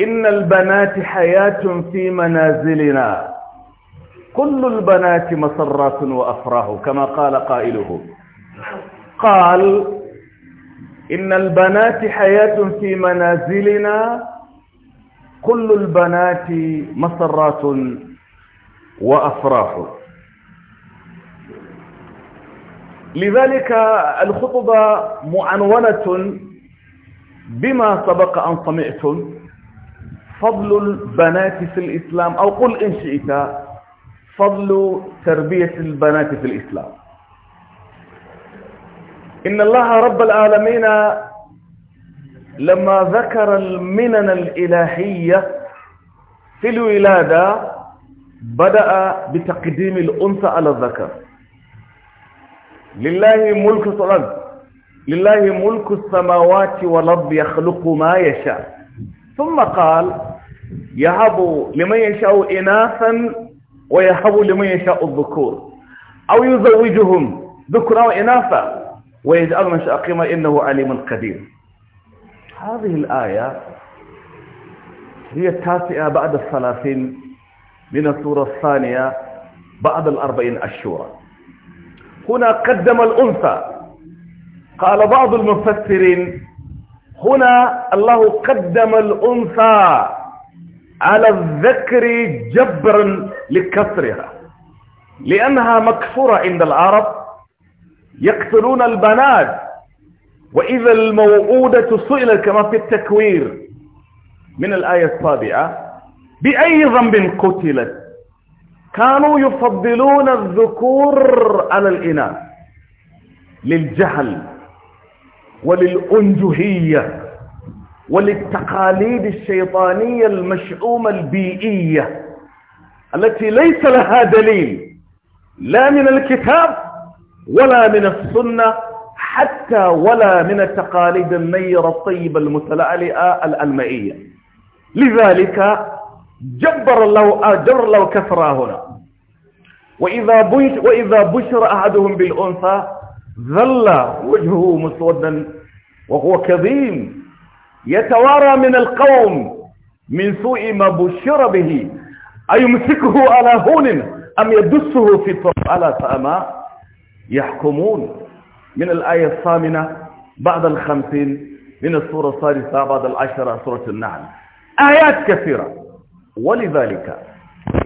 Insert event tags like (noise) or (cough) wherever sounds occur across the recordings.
إن البنات حياة في منازلنا كل البنات مسرات وأفراه كما قال قائله قال إن البنات حياة في منازلنا كل البنات مسرات وأفراح لذلك الخطبة معنونة بما سبق أن سمعتم فضل البنات في الإسلام أو قل إن شئت فضل تربية البنات في الإسلام إن الله رب العالمين لما ذكر المنن الإلهية في الولادة بدأ بتقديم الأنثى على الذكر لله ملك الأرض لله ملك السماوات والأرض يخلق ما يشاء ثم قال يهب لمن يشاء إناثا ويهب لمن يشاء الذكور أو يزوجهم ذكرا وإناثا ويجعل من شاء إنه عليم قدير هذه الآية هي التاسعة بعد الثلاثين من السورة الثانية بعد الأربعين الشورى هنا قدم الأنثى قال بعض المفسرين هنا الله قدم الأنثى على الذكر جبرا لكسرها لأنها مكسورة عند العرب يقتلون البنات وإذا الموؤودة سئلت كما في التكوير من الآية السابعة بأي ذنب قتلت كانوا يفضلون الذكور على الإناث للجهل وللأنجهية وللتقاليد الشيطانية المشؤومة البيئية التي ليس لها دليل لا من الكتاب ولا من السنة حتى ولا من التقاليد النيرة الطيبة المتلألئة الألمائية لذلك جبر الله جبر الله كثرة هنا وإذا بشر, وإذا بشر أحدهم بالأنثى ذل وجهه مسودا وهو كظيم يتوارى من القوم من سوء ما بشر به أيمسكه على هون أم يدسه في طرق على سأماء يحكمون من الآية الثامنة بعد الخمسين من السورة الثالثة بعد العشرة سورة النعم آيات كثيرة ولذلك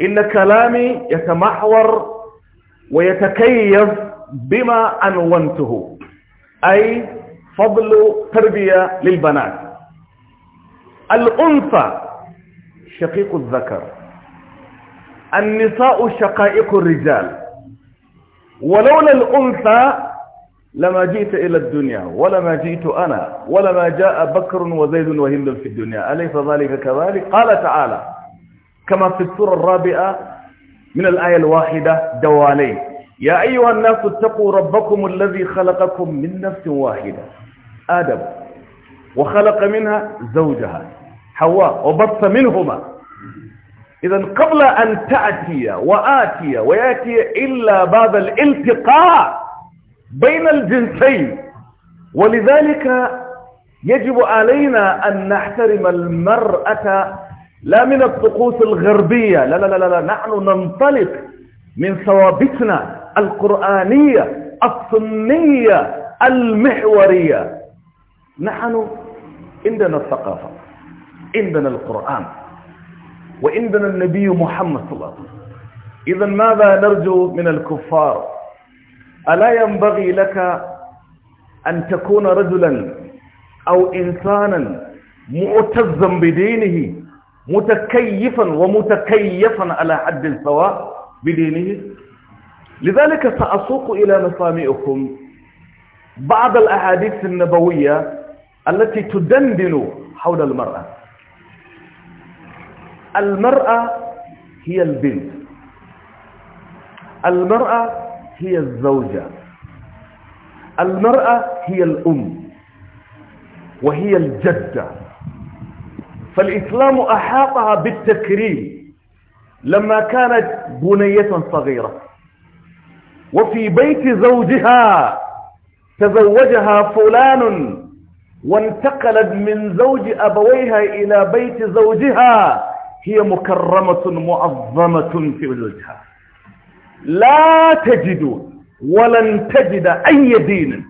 إن كلامي يتمحور ويتكيف بما أنونته أي فضل تربية للبنات الأنثى شقيق الذكر النساء شقائق الرجال ولولا الأنثى لما جئت إلى الدنيا ولما جئت أنا ولما جاء بكر وزيد وهند في الدنيا أليس ذلك كذلك قال تعالى كما في السورة الرابعة من الآية الواحدة دوالين يا أيها الناس اتقوا ربكم الذي خلقكم من نفس واحدة آدم وخلق منها زوجها حواء وبط منهما إذا قبل أن تأتي وآتي ويأتي إلا بعد الالتقاء بين الجنسين ولذلك يجب علينا أن نحترم المرأة لا من الطقوس الغربية لا لا لا لا, لا. نحن ننطلق من ثوابتنا القرآنية السنية المحورية نحن عندنا الثقافة عندنا القرآن وعندنا النبي محمد صلى الله عليه وسلم إذا ماذا نرجو من الكفار ألا ينبغي لك أن تكون رجلا أو إنسانا معتزا بدينه متكيفا ومتكيفا على حد سواء بدينه لذلك سأسوق إلى مسامعكم بعض الأحاديث النبوية التي تدندن حول المرأة المرأة هي البنت المرأة هي الزوجة المرأة هي الأم وهي الجدة فالإسلام أحاطها بالتكريم لما كانت بنية صغيرة وفي بيت زوجها تزوجها فلان وانتقلت من زوج أبويها إلى بيت زوجها هي مكرمة معظمة في وجودها لا تجد ولن تجد أي دين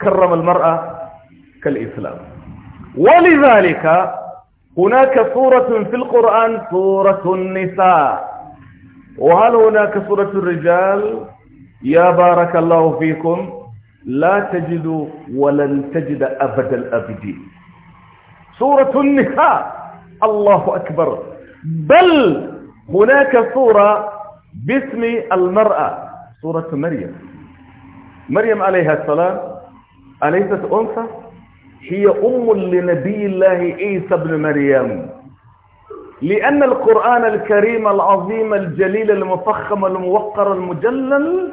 كرم المرأة كالإسلام ولذلك هناك سورة في القرآن سورة النساء وهل هناك سورة الرجال يا بارك الله فيكم لا تجد ولن تجد أبد الأبدين سورة النساء الله أكبر بل هناك سورة باسم المرأة سورة مريم مريم عليها السلام أليست أنثى هي أم لنبي الله عيسى بن مريم لأن القرآن الكريم العظيم الجليل المفخم الموقر المجلل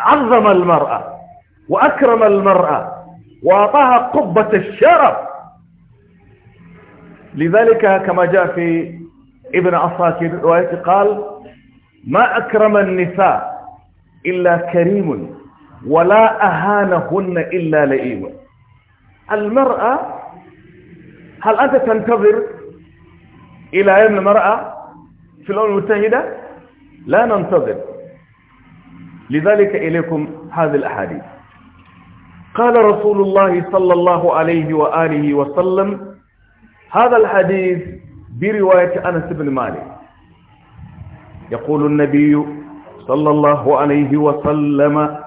عظم المرأة وأكرم المرأة وأعطاها قبة الشرف لذلك كما جاء في ابن عساكر روايته قال ما أكرم النساء إلا كريم ولا أهانهن إلا لئيم المرأة هل أنت تنتظر إلى أن المرأة في الأمم المتحدة لا ننتظر لذلك إليكم هذه الأحاديث قال رسول الله صلى الله عليه وآله وسلم هذا الحديث برواية أنس بن مالك يقول النبي صلى الله عليه وسلم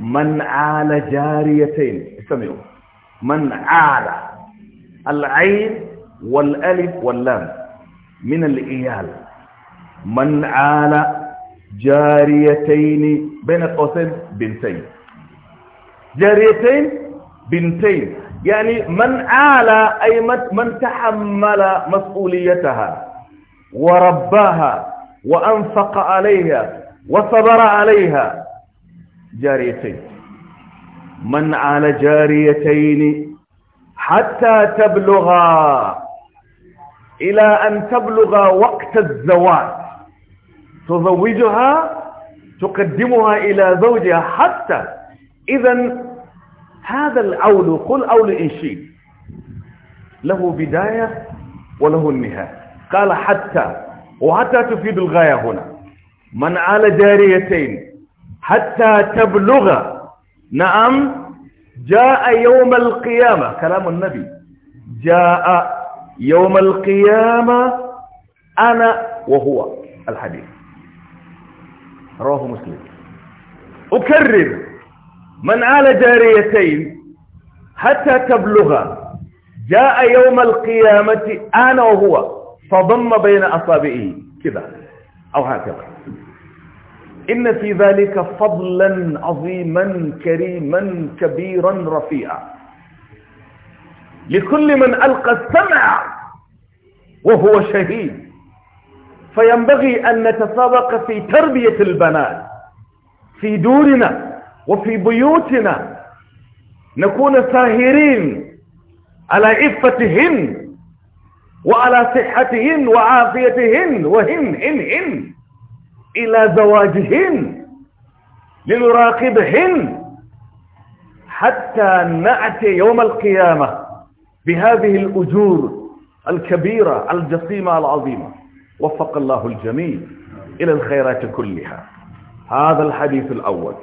من عال جاريتين اسمعوا من عال العين والالف واللام من الايال من عال جاريتين بين قوسين بنتين جاريتين بنتين يعني من أعلى أي من تحمل مسؤوليتها ورباها وأنفق عليها وصبر عليها جاريتين من على جاريتين حتى تبلغا إلى أن تبلغ وقت الزواج تزوجها تقدمها إلى زوجها حتى إذا هذا الأول قل أول إن له بداية وله النهاية قال حتى وحتى تفيد الغاية هنا من على جاريتين حتى تبلغ نعم جاء يوم القيامة كلام النبي جاء يوم القيامة أنا وهو الحديث رواه مسلم أكرر من آل جاريتين حتى تبلغا جاء يوم القيامة أنا وهو فضم بين أصابعه كذا أو هكذا إن في ذلك فضلا عظيما كريما كبيرا رفيعا لكل من ألقى السمع وهو شهيد فينبغي أن نتسابق في تربية البنات في دورنا وفي بيوتنا نكون ساهرين على عفتهن وعلى صحتهن وعافيتهن وهن هن هن إلى زواجهن لنراقبهن حتى نأتي يوم القيامة بهذه الأجور الكبيرة الجسيمة العظيمة وفق الله الجميع إلى الخيرات كلها هذا الحديث الأول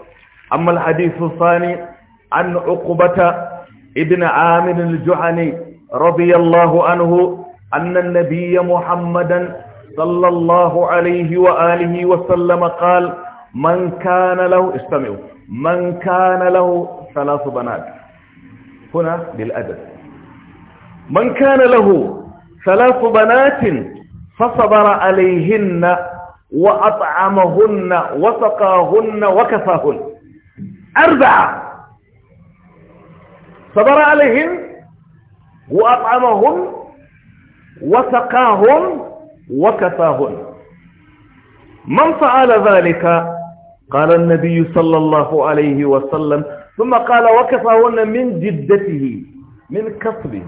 أما الحديث الثاني عن عقبة ابن عامر الجعني رضي الله عنه أن النبي محمدا صلى الله عليه وآله وسلم قال من كان له استمعوا من كان له ثلاث بنات هنا للأدب من كان له ثلاث بنات فصبر عليهن وأطعمهن وسقاهن وكفاهن أربعة صبر عليهم وأطعمهم وسقاهم وكفاهم من فعل ذلك قال النبي صلى الله عليه وسلم ثم قال وكفاهن من جدته من كسبه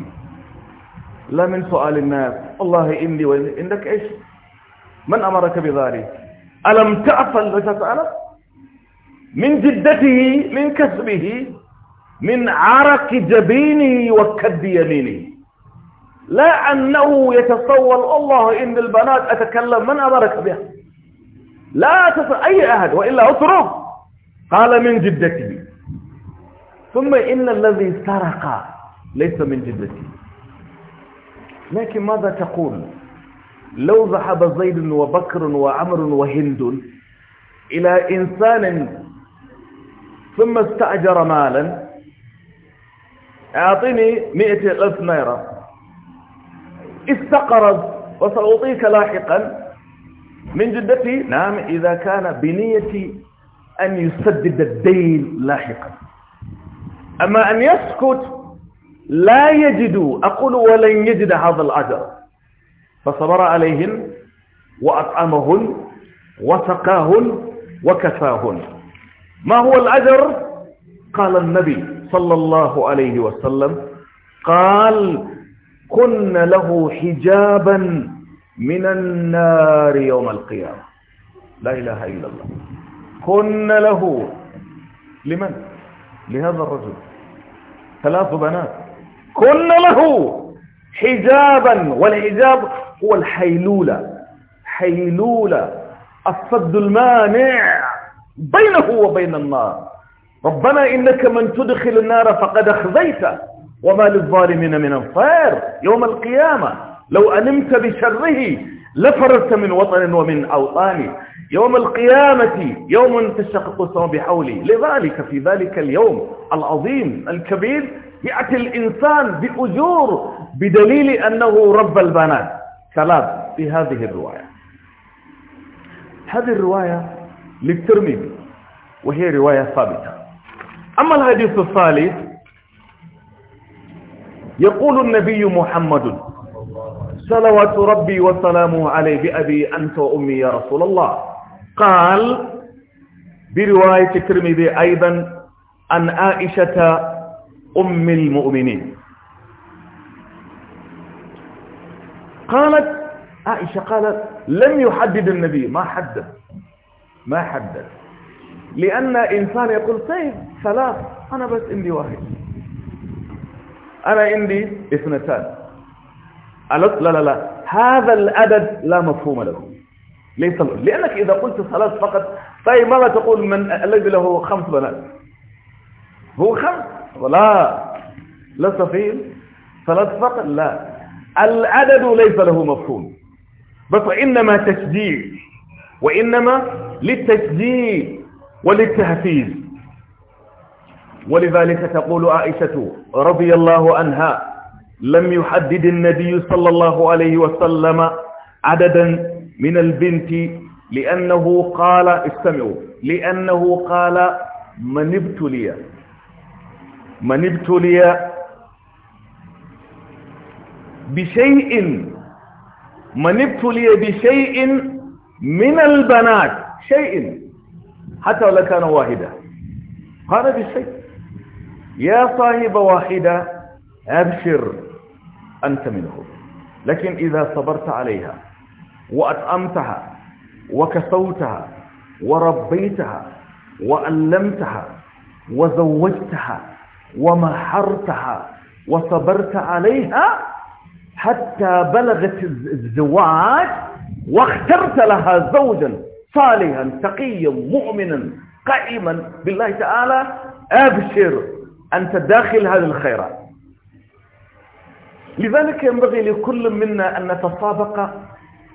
لا من سؤال الناس الله إني وإنك إيش من أمرك بذلك ألم تعفل لتسألك من جدته من كسبه من عرق جبينه وكد يمينه لا أنه يتصور الله إن البنات أتكلم من أمرك بها لا تصور أي أحد وإلا أترك قال من جدته ثم إن الذي سرق ليس من جدته لكن ماذا تقول لو ذهب زيد وبكر وعمر وهند إلى إنسان ثم استأجر مالا أعطني مئة ألف ليرة استقرض وسأعطيك لاحقا من جدتي نعم إذا كان بنيتي أن يسدد الدين لاحقا أما أن يسكت لا يجد أقول ولن يجد هذا الأجر فصبر عليهم وأطعمهن وسقاهن وكفاهن ما هو الأجر قال النبي صلى الله عليه وسلم قال كن له حجابا من النار يوم القيامة لا إله إلا الله كن له لمن لهذا الرجل ثلاث بنات كن له حجابا والحجاب هو الحيلولة حيلولة الصد المانع بينه وبين النار ربنا إنك من تدخل النار فقد أخذيت وما للظالمين من أنصار يوم القيامة لو أنمت بشره لفررت من وطن ومن أوطان يوم القيامة يوم تشقق السماء بحولي لذلك في ذلك اليوم العظيم الكبير يأتي الإنسان بأجور بدليل أنه رب البنات ثلاث في هذه الرواية هذه الرواية للترمذي وهي رواية ثابتة أما الحديث الثالث يقول النبي محمد صلوات ربي وسلامه عليه بأبي أنت وأمي يا رسول الله قال برواية الترمذي أيضا عن عائشة أم المؤمنين قالت عائشة قالت لم يحدد النبي ما حدد ما حدد لأن إنسان يقول طيب ثلاث أنا بس عندي واحد أنا عندي اثنتان لا لا لا هذا العدد لا مفهوم له ليس لأنك إذا قلت ثلاث فقط طيب ماذا تقول من الذي له خمس بنات هو خمس ولا لا صفيل ثلاث فقط لا العدد ليس له مفهوم بس إنما تشجيع وإنما للتشجيع وللتهفيز ولذلك تقول عائشة رضي الله عنها لم يحدد النبي صلى الله عليه وسلم عددا من البنت لأنه قال استمعوا لأنه قال من ابتلي من ابتلي بشيء من ابتلي بشيء من البنات شيء حتى ولو كان واحدة قال بشيء يا صاحب واحدة أبشر أنت منه لكن إذا صبرت عليها وأطعمتها وكسوتها وربيتها وألمتها وزوجتها ومحرتها وصبرت عليها حتى بلغت الزواج واخترت لها زوجا صالحا تقيا مؤمنا قائما بالله تعالى أبشر أنت داخل هذه الخيرات لذلك ينبغي لكل منا أن نتسابق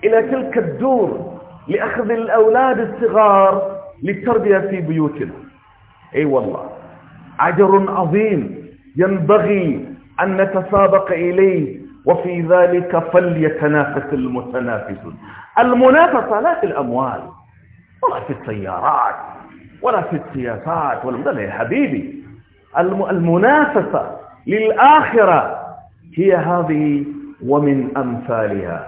إلى تلك الدور لأخذ الأولاد الصغار للتربية في بيوتنا أي أيوة والله أجر عظيم ينبغي أن نتسابق إليه وفي ذلك فليتنافس المتنافسون المنافسة لا في الأموال ولا في السيارات ولا في السياسات ولا لا يا حبيبي المنافسة للآخرة هي هذه ومن أمثالها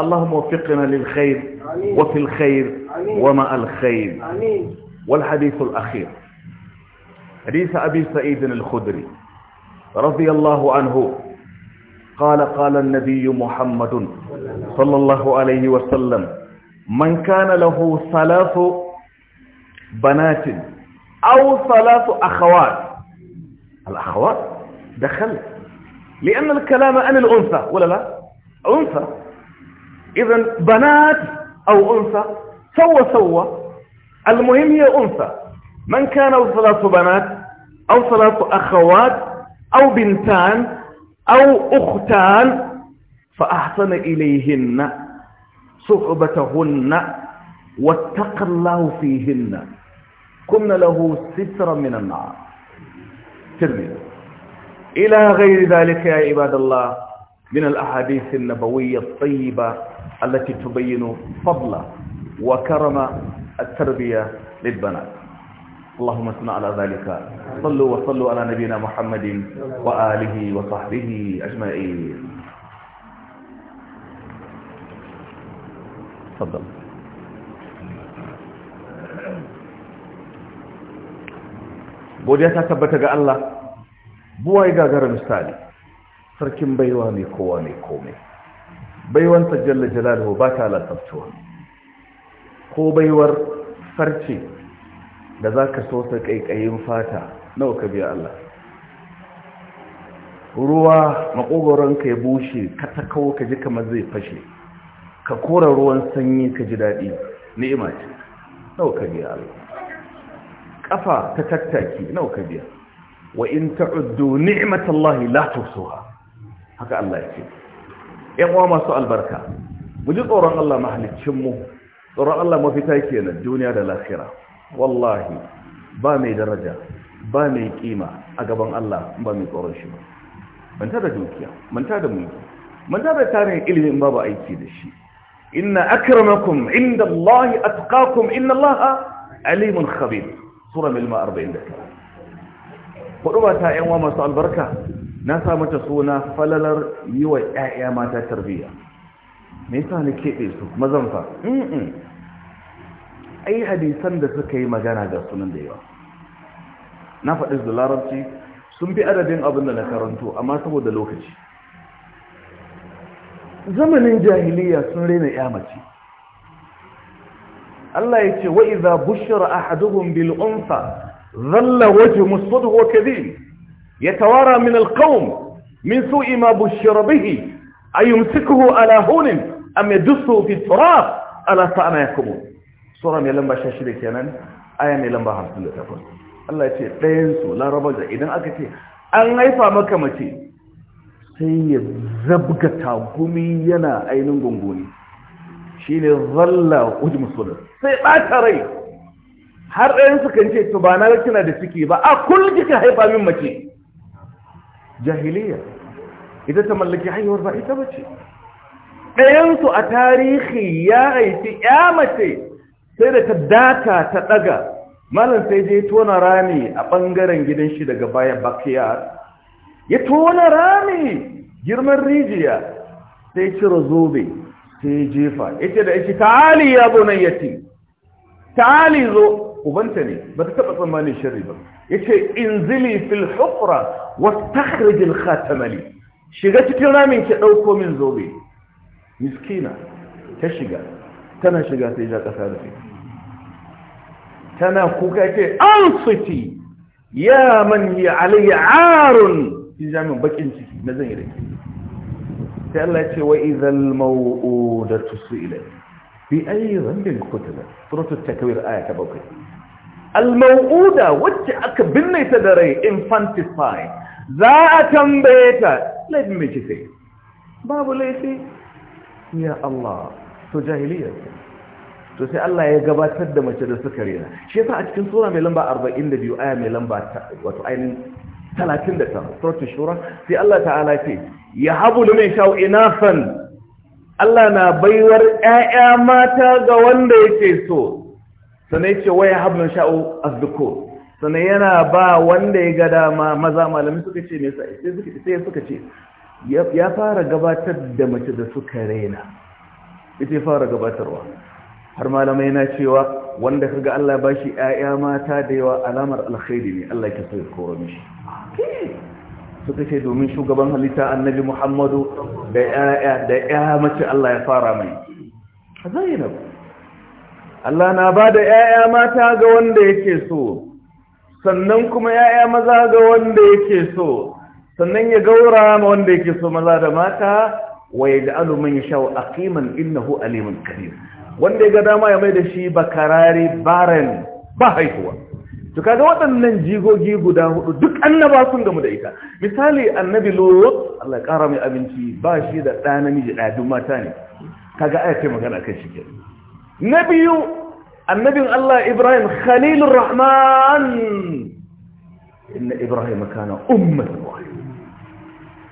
اللهم وفقنا للخير وفي الخير وما ومع الخير آمين. والحديث الأخير حديث أبي سعيد الخدري رضي الله عنه قال قال النبي محمد صلى الله عليه وسلم من كان له ثلاث بنات أو ثلاث أخوات الأخوات دخل لأن الكلام عن الأنثى ولا لا أنثى إذا بنات أو أنثى سوى سوى المهم هي أنثى من كان ثلاث بنات أو ثلاث أخوات أو بنتان أو أختان فأحسن إليهن صحبتهن واتق الله فيهن كن له سترا من النار ترمين إلى غير ذلك يا عباد الله من الأحاديث النبوية الطيبة التي تبين فضل وكرم التربية للبنات اللهم صل على ذلك صلوا وصلوا على نبينا محمد وآله وصحبه أجمعين تفضل godiya ta tabbata ga Allah buwaye gagara misali sarkin baiwa ne kowa ne komai baiwan sajjalla jalaluhu ba ta lasaftuwa ko baiwar farce da za ka so ta ƙaiƙayin fata nawa ka biya Allah ruwa makogoron ka ya bushe katakau ka ji kamar zai fashe ka kora ruwan sanyi ka ji daɗi ni'ima ce nawa ka biya Allah Ƙafa ta tattaki nawa ka biya wa in ta'uddu ni'matallahi la tuhsuha haka Allah ya ce ƴan uwa masu albarka mu ji tsoron Allah mahaliccin mu tsoron Allah mafita kenan duniya da lafiya wallahi ba mai daraja ba mai kima a gaban Allah ba mai tsoron shi ba manta da dukiya manta da mulki manta da tarin ilimin babu aiki da shi إن أكرمكم عند الله أتقاكم إن الله عليم خبير سورة من الماء أربعين قلوا قلوبة تائم وما سأل بركة ناسا متسونا فللر يوى آئيا ماتا تربية ميسا لكي إيسو مزنفا أي حديثا دسكي سكي مجانا دا ديوا نفع إزدو لاربتي sun bi adadin abin da na karanto amma zamanin jahiliya sun rena ya Allah ya ce wa idza bushira ahaduhum bil unsa dhalla wajhu muswadhu kadhib yatawara min al qawm min su'i ma bushira bihi ayumsikuhu ala hunin am yadussuhu fi turab ala sa'na yakubu sura mai lamba 16 kenan aya mai lamba 58 Allah ya ce ɗayan su laraba da idan aka ce an haifa maka mace sai ya zabga tagumi yana ainihin gungoni shi ne zalla wajen musulun sai ɓata rai har ɗayan su kan ce to ba na kina da ciki ba a kullum jika haifa min mace jahiliya ita ta mallaki hanyar ba ita bace ɗayan su a tarihi ya haifi ya mace sai da ta daka ta ɗaga malam sai je tona rami a ɓangaren gidan shi daga baya backyard ya tona rami girman rijiya sai cire zobe sai jefa yace da yake ta'ali ya bunayyati ta'ali zo ubanta ne ba ta taba tsammanin sharri ba yace inzili fil hufra wastakhrij al khatamali shiga cikin ramin ki dauko min zobe miskina ta shiga tana shiga sai ja kasa da tana kuka ce ansiti ya man hi alayya arun shi ja min bakin ciki na zan yi rake sai Allah ce wa idhal maw'udatu ilai. bi ayi dhanbin qutilat ta takwir aya ta bakwai al maw'uda wacce aka binne ta da rai infanticide za a tambaye ta mai me sai. babu laifi ya Allah to jahiliya to sai Allah ya gabatar da mace da suka rena shi yasa a cikin sura mai lamba 42 aya mai lamba wato ainihin talatin da tara shura sai Allah ta'ala ce ya habu da mai sha'u inafan Allah na baiwar ƴaƴa mata ga wanda yake so sanai ce ya habu mai sha'u azduko sanai yana ba wanda ya ga dama maza malami suka ce ne sai Sai suka ce ya fara gabatar da mace da suka raina ita ya fara gabatarwa har malamai na cewa wanda kaga Allah ba shi ‘ya'ya mata da yawa alamar alkhairi ne Allah ke so ya koro mishi suka ce domin shugaban halitta annabi muhammadu da ‘ya'ya da ‘ya mace Allah ya fara mai a zayyana Allah na ba da ‘ya'ya mata ga wanda yake so sannan kuma ‘ya'ya maza ga wanda yake so sannan ya gaura ma wanda yake so maza da mata wa ya ji alumin ya sha wa aqiman innahu alimun karim wanda ya ga dama ya mai da shi bakarari baran ba haihuwa to kaga waɗannan jigogi guda hudu duk annaba sun gamu da ita misali annabi lot Allah ƙara mai abinci ba shi da ɗa namiji ɗaya duk mata ne kaga aya ce magana kan shi na biyu annabin Allah Ibrahim khalilur rahman inna Ibrahim kana ummatan wahida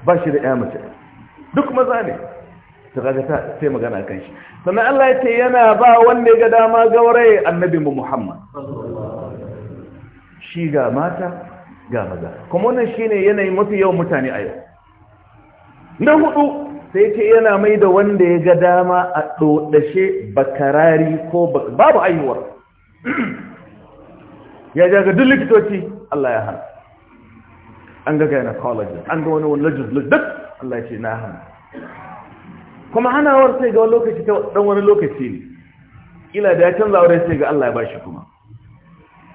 ba shi da ƴa mace duk maza ne ta ta sai magana kan shi sannan Allah ya ce yana ba wanda ya ga dama gauraye annabi mu Muhammad shi ga mata ga maza kuma wannan shine yanayin mafi yawan mutane a yau na hudu sai ce yana mai da wanda ya ga dama a dodashe bakarari ko babu aiwuwar (clears throat) ya ja ga duk likitoci Allah ya hana an ga gynecology an ga wani wani lajus duk Allah ya ce na hana kuma hanawar sai ga wani lokaci ta dan wani lokaci ne ila da ya canza aure sai ga Allah ya bashi kuma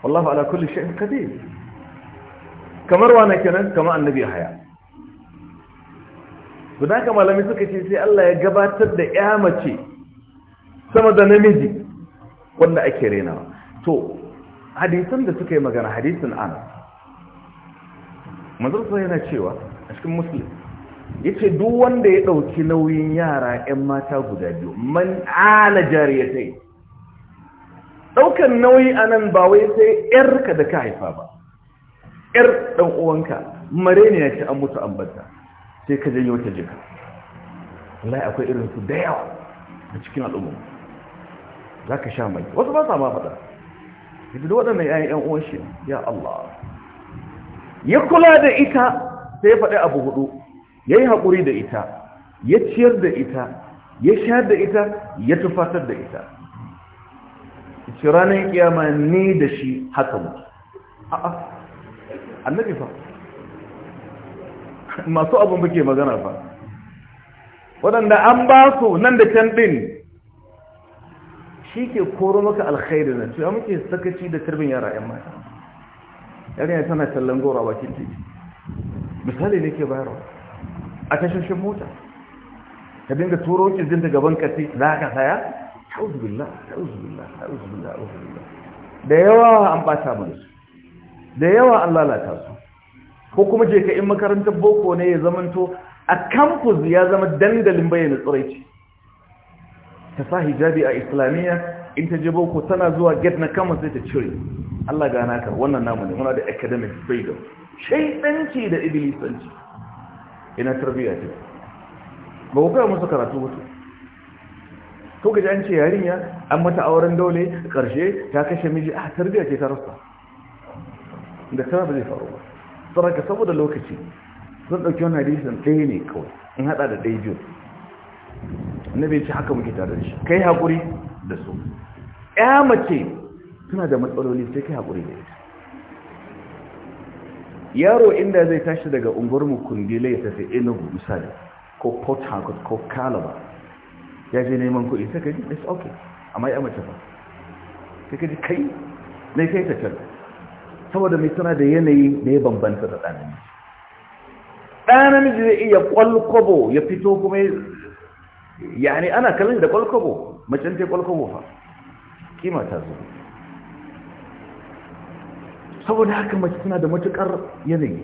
wallahu ala kulli shay'in qadir kamar wa kenan kamar annabi haya guda ka malami suka ce sai Allah ya gabatar da ya mace sama da namiji wanda ake rena to hadisan da suka yi magana hadisin ana manzon sai yana cewa a cikin muslim yace duk wanda ya dauki nauyin yara ƴan mata guda biyu man ala jariyatai daukan nauyi anan ba wai sai ka da ka haifa ba yar dan uwanka mare ne yace an mutu an banta sai ka janyo ta jika wallahi akwai irin su da yawa a cikin al'umma zaka sha mai wasu ba sa ma fada duk waɗannan yi ƴan uwan shi ya Allah ya kula da ita sai faɗi abu hudu ya yi haƙuri da ita ya ciyar da ita ya sha da ita ya tufatar da ita ci ranar kiyama ne da shi haka mutu a'a annabi fa masu abin buke magana fa waɗanda an ba su nan da can ɗin shi ke koro maka alkhairu na cewa muke sakaci da turbin yara 'yan mata ya tana tallan gora bakin titi misali ne ke bayarwa a tashoshin mota ka dinga turo kirjin da gaban kasi za ka saya da yawa an bata mana su da yawa an lalata su ko kuma je ka in makarantar boko ne ya zamanto a campus ya zama dandalin bayyana tsiraici ta sa hijabi a islamiyya in ta je boko tana zuwa get na kama sai ta cire Allah gana ka wannan namu ne muna da academic freedom shaidanci da iblisanci ina tarbiyya ce ba ku kai musu karatu wato ko gaji an ce yarinya an mata auren dole karshe ta kashe miji a tarbiyya ce ta rasa da tana ba zai faru ba saraka saboda lokaci zan ɗauki wani hadisin ɗaya ne kawai in haɗa da ɗaya biyu na bai ci haka muke tare da shi kai haƙuri da su ya mace suna da matsaloli sai kai haƙuri da ita yaro inda zai tashi daga unguwarmu kundile ya tafi inugu misali ko port harcourt ko calabar ya je neman kuɗi sai ka ji it's okay amma ya mace ba sai ka ji kai na kai ta can saboda mai tana da yanayi da ya bambanta da ɗanami ɗanami zai iya kwalkwabo ya fito kuma ya ne ana kalin da kwalkwabo macen ce kwalkwabo fa kima ta zuwa saboda haka mace suna da matukar yanayi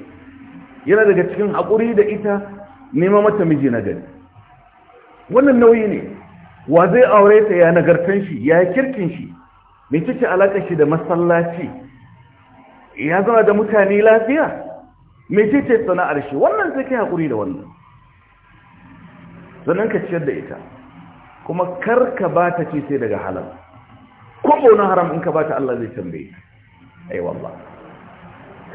yana daga cikin haƙuri da ita nema mata miji na gani. wannan nauyi ne wa zai aure ta ya nagartan shi ya kirkin shi mai cikin alaƙa shi da masallaci ya zama da mutane lafiya mai cikin sana'ar shi wannan sai kai haƙuri da wannan sannan ka ciyar da ita kuma karka ba ta ce sai daga halar. Ko na haram in ka ba ta Allah zai tambaye ai wallah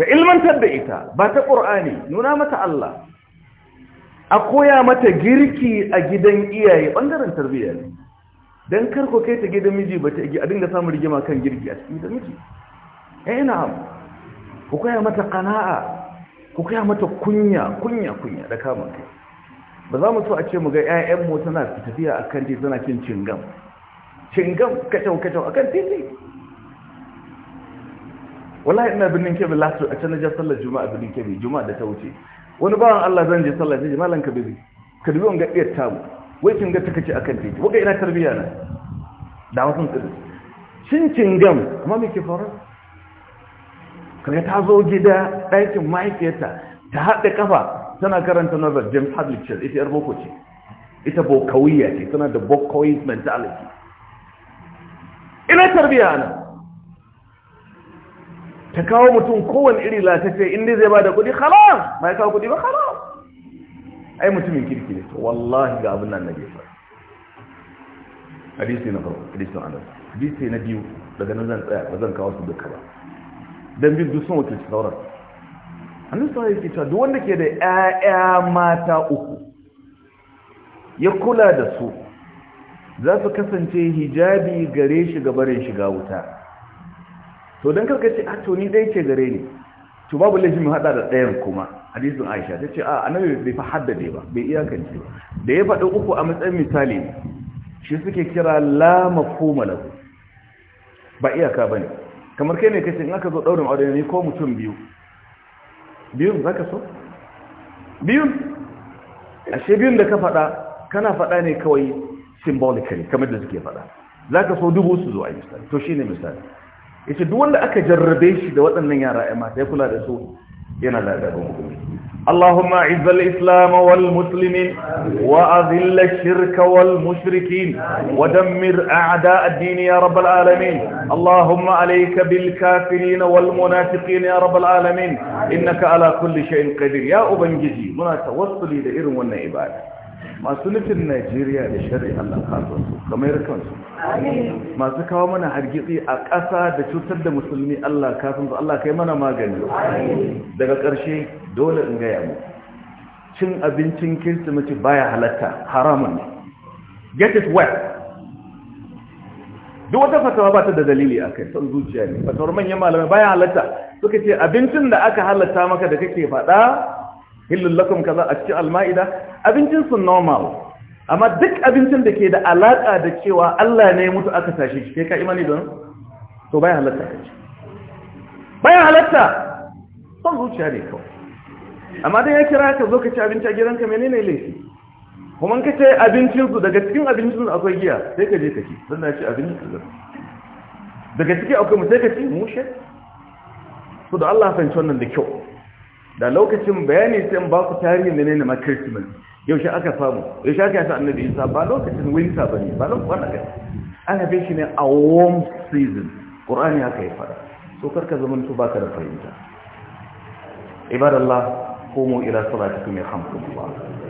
ka ilmantar da ita ba ta ƙur'ani nuna mata Allah a koya mata girki a gidan iyaye ɓangaren tarbiyyar don karko kai ta gidan miji ba ta a dinga samun rigima kan girki a cikin gidan miji eh, ina ku koya mata kana'a ku koya mata kunya kunya kunya da kama kai ba za mu so a ce mu ga 'ya'yanmu tana tafiya akan titi tana cin cingam cingam kacau kacau kan titi wallahi ina birnin kebe lati a can najar sallar juma'a birnin kebe juma'a da ta wuce wani bawan Allah zan je sallar jeji malan kabiri ka dubi wanga iya tabu wai kin ga take ce akan titi waka ina tarbiya na da wasu tsiri cin cin gam amma me ke faru kaga ta zo gida ɗakin mahaifiyarta ta haɗa kafa tana karanta novel James Hadley ita yar boko ce ita bokawiya ce tana da bokoid mentality ina tarbiya na ta kawo mutum kowane iri latattai inda zai ba da kudi haram ba ya kawo kudi ba haram ai mutumin kirki ne wallahi ga abin nan na gefa hadisi na farko hadisi na annabi hadisi na biyu daga nan zan tsaya ba zan kawo su duka ba dan bin dusun wata tsaurar sauran annabi sai yake cewa duk wanda ke da ƴaƴa mata uku ya kula da su za su kasance hijabi gare shi gabarin shiga wuta to don ce a ah, to ni dai ce gare ni to babu laifin mu hada da ɗayan kuma hadisin aisha ta ce a ah, annabi bai fa haddade ba bai iyakance ba da ya faɗi uku a matsayin misali shi suke kira la mafhuma lahu ba iyaka bane kamar kai ne kace in aka zo daurin aure ne ko mutum biyu biyu zaka so a ashe biyun da ka faɗa kana faɗa ne kawai symbolically kamar da suke faɗa zaka so dubu su zo a misali to shine misali yace duk wanda aka jarrabe shi da waɗannan yara ai mata ya kula da su yana da gaban hukumi اللهم اعز الإسلام والمسلمين وأذل الشرك والمشركين ودمر أعداء الدين يا رب العالمين اللهم عليك بالكافرين والمنافقين يا رب العالمين إنك على كل شيء قدير يا أبنجي منا توصلي لإرم والنعباد ما سنة النيجيريا لشرع الله خاصة كما يركون سنة masu kawo mana hargitsi a ƙasa da cutar da musulmi Allah kafin su Allah kai mana magani daga ƙarshe dole in gaya mu cin abincin kirsimeti baya halatta haramun get it well duk wata fatawa ba ta da dalili a kai son zuciya ne fatawar manyan malamai baya halatta suka ce abincin da aka halatta maka da kake faɗa hillun kaza a cikin alma'ida abincin su normal amma duk abincin da ke da alaƙa da cewa Allah ne ya mutu aka tashi shi kai ka imani don to bayan halatta ka ci bayan halatta son zuciya ne kawai amma dai ya kira ka zo ka ci abinci a gidanka menene laifi kuma ka ce abincin su daga cikin abincin su akwai giya sai ka je ka ci don na ci abincin su daga ciki akwai mu sai ka ci mushe su da Allah fahimci wannan da kyau da lokacin bayani sai in ba ku tarihin menene ma kirsimin yaushe aka samu yaushe aka yasa annabi isa ba lokacin winter ba ne ba lokacin wani Ana haife shi ne a warm season Qur'ani aka yi fara so karka zaman su baka da fahimta ibadallah komo ila salatukum yarhamkumullah